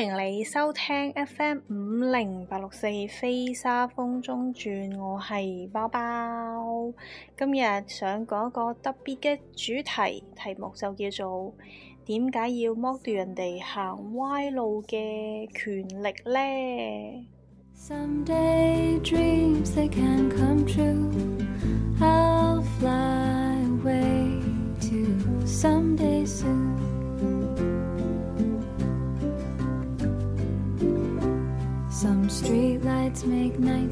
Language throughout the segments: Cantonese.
歡迎你收聽 FM 五零八六四《飛沙風中轉》，我係包包，今日想講一個特別嘅主題，題目就叫做點解要剝奪人哋行歪路嘅權利呢？」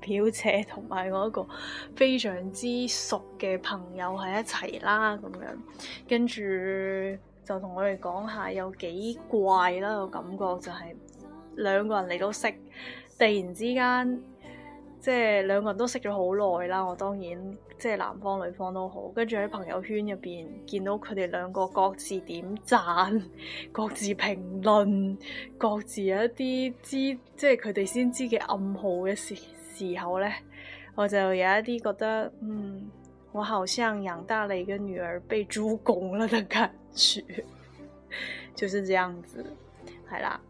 表姐同埋我一個非常之熟嘅朋友喺一齊啦，咁樣跟住就同我哋講下有幾怪啦。個感覺就係兩個人你都識，突然之間即係兩個人都識咗好耐啦。我當然即係男方女方都好，跟住喺朋友圈入邊見到佢哋兩個各自點讚、各自評論、各自有一啲知即係佢哋先知嘅暗號嘅事。時候咧，我就有一啲覺得，嗯，我好像養大了一個女兒被豬拱了的感覺， 就是這樣子。係啦，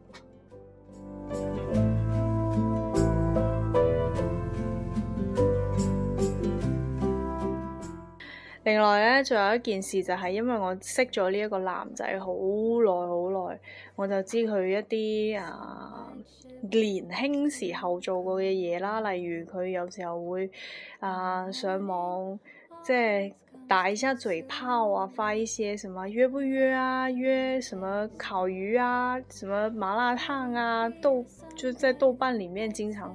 另外咧，仲有一件事就係，因為我識咗呢一個男仔好耐好耐，我就知佢一啲啊。年輕時候做過嘅嘢啦，例如佢有時候會啊、呃、上網即係打一下嘴炮啊，發一些什麼約不約啊，約什麼烤魚啊，什麼麻辣燙啊，豆就在豆瓣裏面經常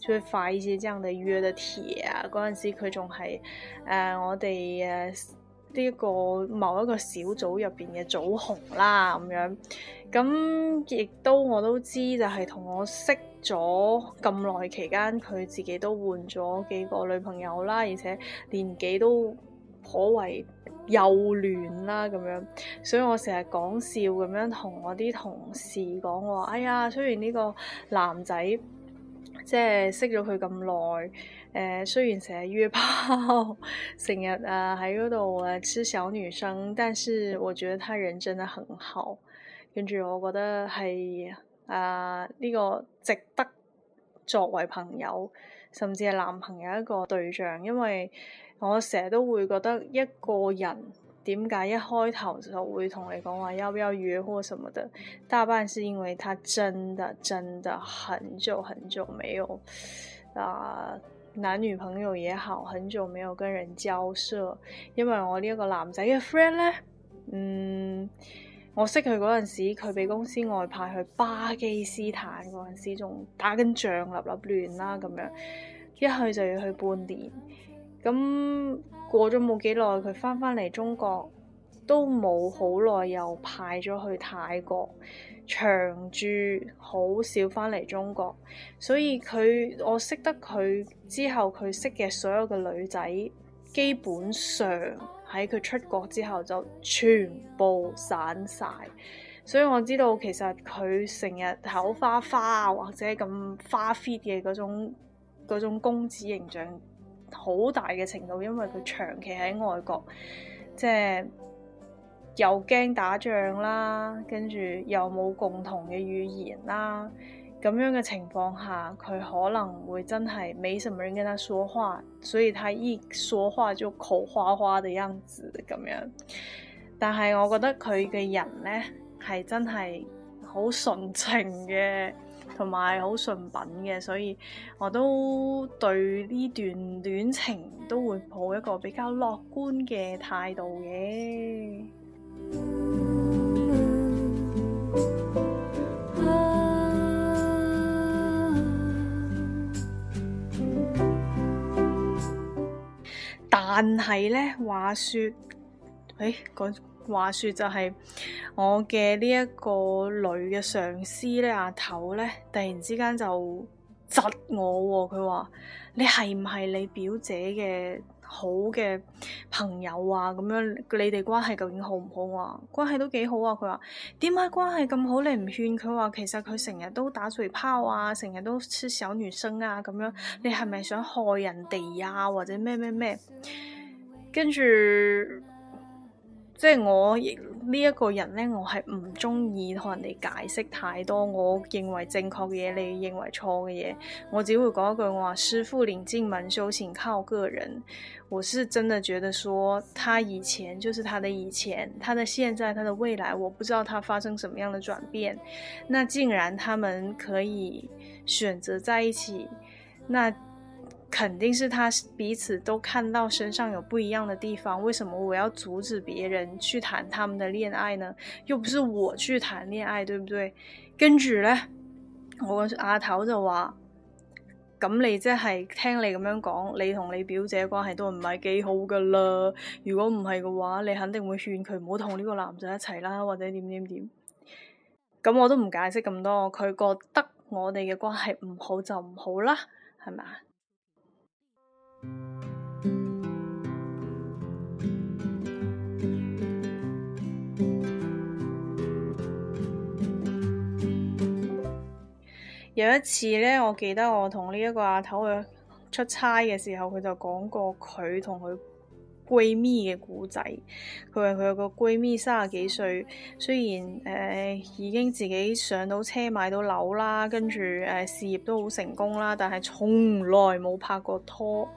就會發一些這樣的約的帖啊，嗰陣時佢仲係誒我哋誒。啊呢個某一個小組入邊嘅組紅啦，咁樣咁亦都我都知就我，就係同我識咗咁耐期間，佢自己都換咗幾個女朋友啦，而且年紀都頗為幼嫩啦，咁樣，所以我成日講笑咁樣同我啲同事講話，哎呀，雖然呢個男仔即係識咗佢咁耐。誒，uh, 雖然成日約炮，成日啊，喺度誒，吃小女生，但是我覺得他人真的很好，跟住我覺得係啊呢個值得作為朋友，甚至係男朋友一個對象，因為我成日都會覺得一個人點解一開頭就會同你講話要唔要約什麼的，大半是因為他真的真的很久很久沒有啊。Uh, 男女朋友也好，很久沒有跟人交涉，因為我呢一個男仔嘅 friend 呢，嗯，我識佢嗰陣時，佢俾公司外派去巴基斯坦嗰陣時，仲打緊仗立立亂啦咁樣，一去就要去半年，咁過咗冇幾耐，佢翻返嚟中國，都冇好耐又派咗去泰國。長住好少翻嚟中國，所以佢我識得佢之後，佢識嘅所有嘅女仔，基本上喺佢出國之後就全部散晒。所以我知道其實佢成日口花花啊，或者咁花 fit 嘅嗰種嗰種公子形象，好大嘅程度，因為佢長期喺外國，即係。又驚打仗啦，跟住又冇共同嘅語言啦，咁樣嘅情況下，佢可能會真係冇什麼人跟他說話，所以他一說話就口花花嘅樣子咁樣。但係我覺得佢嘅人呢，係真係好純情嘅，同埋好純品嘅，所以我都對呢段戀情都會抱一個比較樂觀嘅態度嘅。係咧、哎，話說、就是，誒，講話說就係我嘅呢一個女嘅上司咧，阿頭咧，突然之間就窒我喎、哦。佢話：你係唔係你表姐嘅好嘅朋友啊？咁樣你哋關係究竟好唔好啊？關係都幾好啊。佢話：點解關係咁好？你唔勸佢話，其實佢成日都打醉炮啊，成日都出小女生啊，咁樣你係咪想害人哋啊？或者咩咩咩？跟住，即係我呢一個人咧，我係唔中意同人哋解釋太多。我認為正確嘅嘢，你認為錯嘅嘢，我只會講一句話：師傅領進門，修行靠個人。我是真的覺得說，他以前就是他的以前，他的現在，他的未來，我不知道他發生什麼樣的轉變。那既然他們可以選擇在一起，那肯定是他彼此都看到身上有不一樣的地方。為什麼我要阻止別人去談他們的戀愛呢？又不是我去談戀愛，對不對？跟住呢，我阿頭就話：咁、嗯、你即係聽你咁樣講，你同你表姐關係都唔係幾好㗎啦。如果唔係嘅話，你肯定會勸佢唔好同呢個男仔一齊啦，或者點點點。咁、嗯嗯嗯嗯嗯嗯、我都唔解釋咁多，佢覺得我哋嘅關係唔好就唔好啦，係咪啊？有一次呢，我記得我同呢一個阿頭去出差嘅時候，佢就講過佢同佢閨蜜嘅故仔，佢話佢有個閨蜜三十幾歲，雖然誒、呃、已經自己上到車買到樓啦，跟住誒、呃、事業都好成功啦，但係從來冇拍過拖。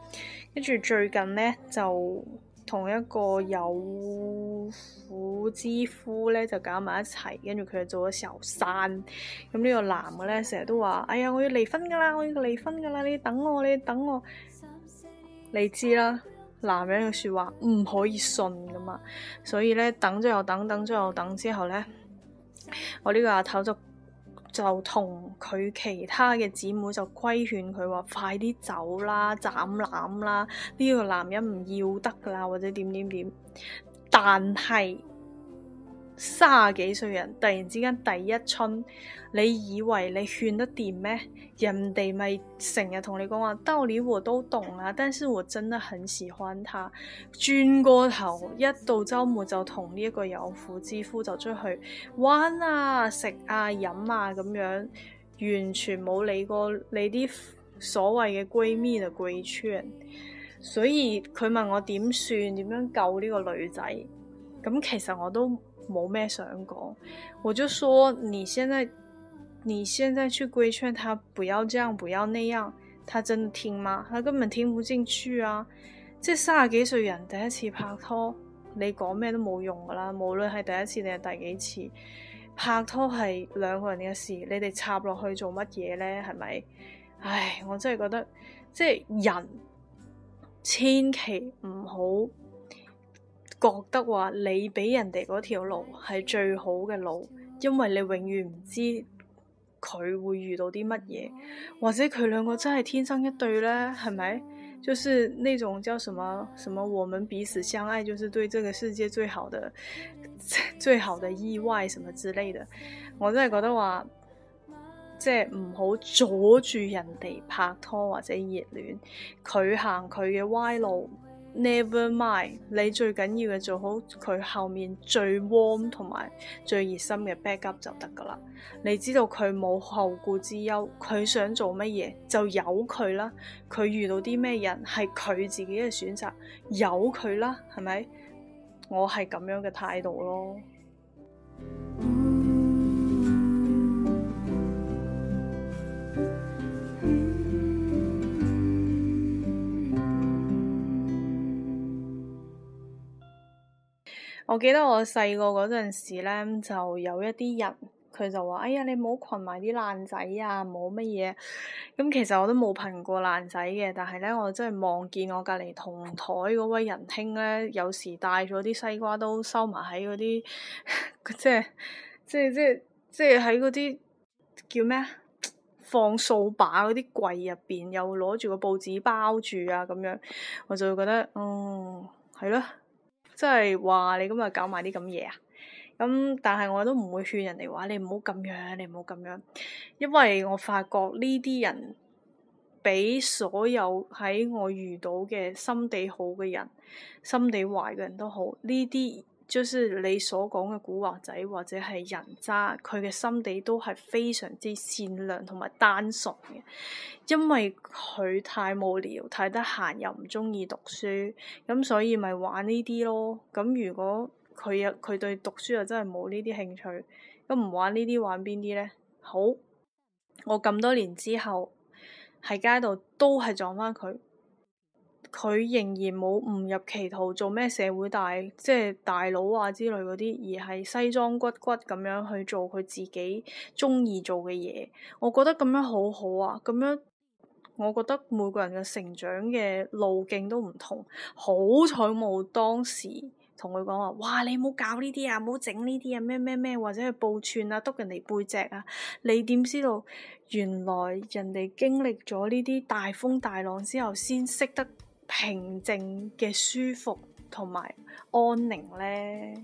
跟住最近呢，就同一個有婦之夫咧就搞埋一齊，跟住佢做咗時候散。咁、嗯、呢、這個男嘅咧成日都話：，哎呀，我要離婚噶啦，我要離婚噶啦，你等我，你等我，你知啦。男人嘅説話唔可以信㗎嘛，所以咧等咗又等，等咗又等之後咧，我呢個阿頭就就同佢其他嘅姊妹就規勸佢話：快啲走啦，斬纜啦！呢、這個男人唔要得啦，或者點點點。但係。卅幾歲人突然之間第一春，你以為你勸得掂咩？人哋咪成日同你講話，道理我都懂啦，但是我真的很喜歡他。轉過頭，一到周末就同呢一個有婦之夫就出去玩啊、食啊、飲啊咁樣，完全冇理過你啲所謂嘅閨蜜啊、貴圈。所以佢問我點算，點樣救呢個女仔？咁其實我都。冇咩想講？我就說你現在，你現在去規勸他不要這樣，不要那樣，他真的聽嗎？他根本聽不進去啊！即係三十幾歲人第一次拍拖，你講咩都冇用噶啦。無論係第一次定係第幾次拍拖，係兩個人嘅事，你哋插落去做乜嘢咧？係咪？唉，我真係覺得即係人千祈唔好。覺得話你俾人哋嗰條路係最好嘅路，因為你永遠唔知佢會遇到啲乜嘢。或者佢兩個真係天生一對咧，係咪？就是那種叫什麼什麼，我們彼此相愛，就是對這個世界最好的最好的意外，什麼之類的。我真係覺得話，即係唔好阻住人哋拍拖或者熱戀，佢行佢嘅歪路。Never mind，你最緊要嘅做好佢後面最 warm 同埋最熱心嘅 backup 就得噶啦。你知道佢冇後顧之憂，佢想做乜嘢就由佢啦。佢遇到啲咩人係佢自己嘅選擇，由佢啦，係咪？我係咁樣嘅態度咯。我記得我細個嗰陣時咧，就有一啲人，佢就話：哎呀，你唔好群埋啲爛仔啊，冇乜嘢。咁其實我都冇群過爛仔嘅，但係咧，我真係望見我隔籬同台嗰位仁兄咧，有時帶咗啲西瓜都收埋喺嗰啲，即係即係即係即係喺嗰啲叫咩啊？放掃把嗰啲櫃入邊，又攞住個報紙包住啊，咁樣我就會覺得，嗯，係咯。即係話你今日搞埋啲咁嘢啊！咁、嗯、但係我都唔會勸人哋話你唔好咁樣，你唔好咁樣，因為我發覺呢啲人比所有喺我遇到嘅心地好嘅人，心地壞嘅人都好呢啲。就是你所講嘅古惑仔或者係人渣，佢嘅心地都係非常之善良同埋單純嘅，因為佢太無聊、太得閒又唔鍾意讀書，咁所以咪玩呢啲咯。咁如果佢又佢對讀書又真係冇呢啲興趣，咁唔玩呢啲玩邊啲呢？好，我咁多年之後喺街度都係撞返佢。佢仍然冇誤入歧途做咩社會大即係、就是、大佬啊之類嗰啲，而係西裝骨骨咁樣去做佢自己中意做嘅嘢。我覺得咁樣好好啊！咁樣，我覺得每個人嘅成長嘅路徑都唔同。好彩冇當時同佢講話，哇！你冇搞呢啲啊，冇整呢啲啊，咩咩咩，或者係報串啊，篤人哋背脊啊。你點知道原來人哋經歷咗呢啲大風大浪之後先識得平靜嘅舒服同埋安寧咧。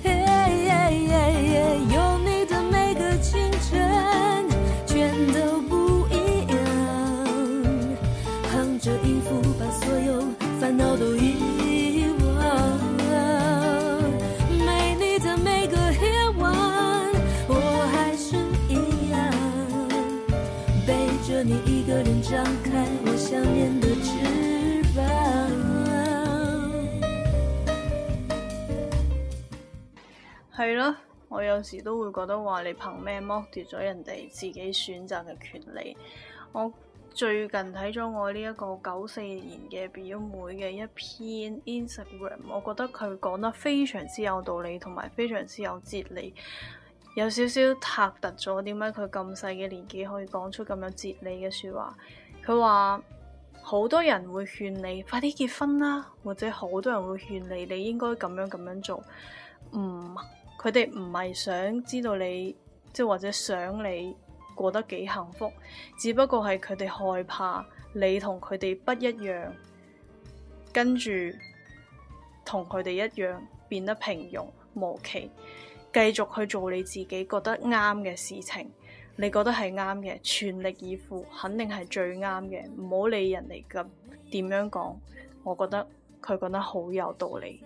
覺得話你憑咩剝奪咗人哋自己選擇嘅權利？我最近睇咗我呢一個九四年嘅表妹嘅一篇 Instagram，我覺得佢講得非常之有道理，同埋非常之有哲理。有少少塔突咗，點解佢咁細嘅年紀可以講出咁有哲理嘅說話？佢話好多人會勸你快啲結婚啦，或者好多人會勸你你應該咁樣咁樣做，唔、嗯。佢哋唔係想知道你，即係或者想你過得幾幸福，只不過係佢哋害怕你同佢哋不一樣，跟住同佢哋一樣變得平庸無奇。繼續去做你自己覺得啱嘅事情，你覺得係啱嘅，全力以赴肯定係最啱嘅。唔好理人哋咁點樣講，我覺得佢覺得好有道理。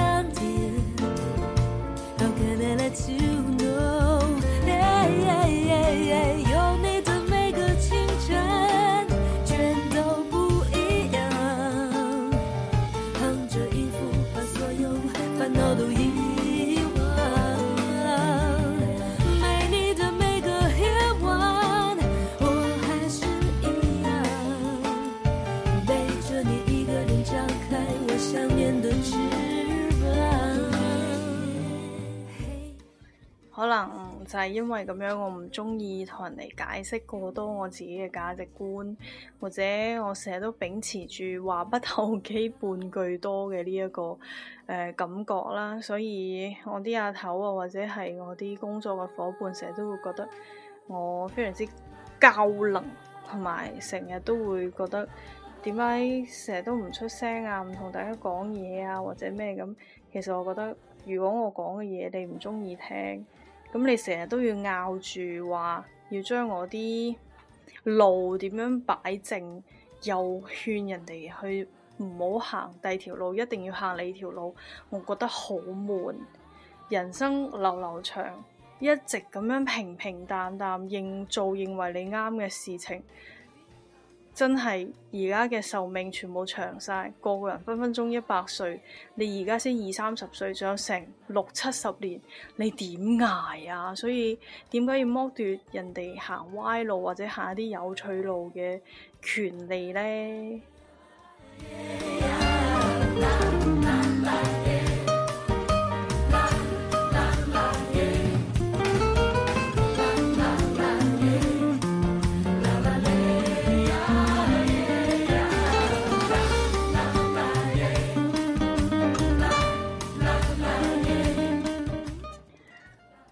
係因為咁樣，我唔中意同人哋解釋過多我自己嘅價值觀，或者我成日都秉持住話不投機半句多嘅呢一個誒、呃、感覺啦，所以我啲阿頭啊，或者係我啲工作嘅夥伴，成日都會覺得我非常之高冷，同埋成日都會覺得點解成日都唔出聲啊，唔同大家講嘢啊，或者咩咁？其實我覺得，如果我講嘅嘢你唔中意聽。咁你成日都要拗住話，要將我啲路點樣擺正，又勸人哋去唔好行第二條路，一定要行你條路，我覺得好悶。人生流流長，一直咁樣平平淡淡，認做認為你啱嘅事情。真係而家嘅壽命全部長晒，個個人分分鐘一百歲，你而家先二三十歲，仲有成六七十年，你點捱啊？所以點解要剝奪人哋行歪路或者行一啲有趣路嘅權利呢？Yeah,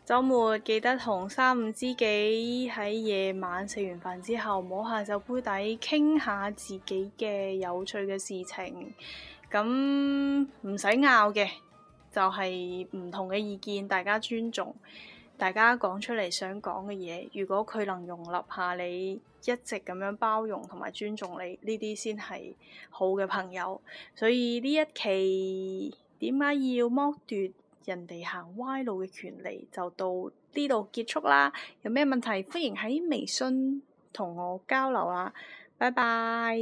周末記得同三五知己喺夜晚食完飯之後，摸下酒杯底，傾下自己嘅有趣嘅事情。咁唔使拗嘅，就係、是、唔同嘅意見，大家尊重，大家講出嚟想講嘅嘢。如果佢能容納下你，一直咁樣包容同埋尊重你，呢啲先係好嘅朋友。所以呢一期點解要剝奪人哋行歪路嘅權利就到呢度結束啦。有咩問題，歡迎喺微信同我交流啊。拜拜。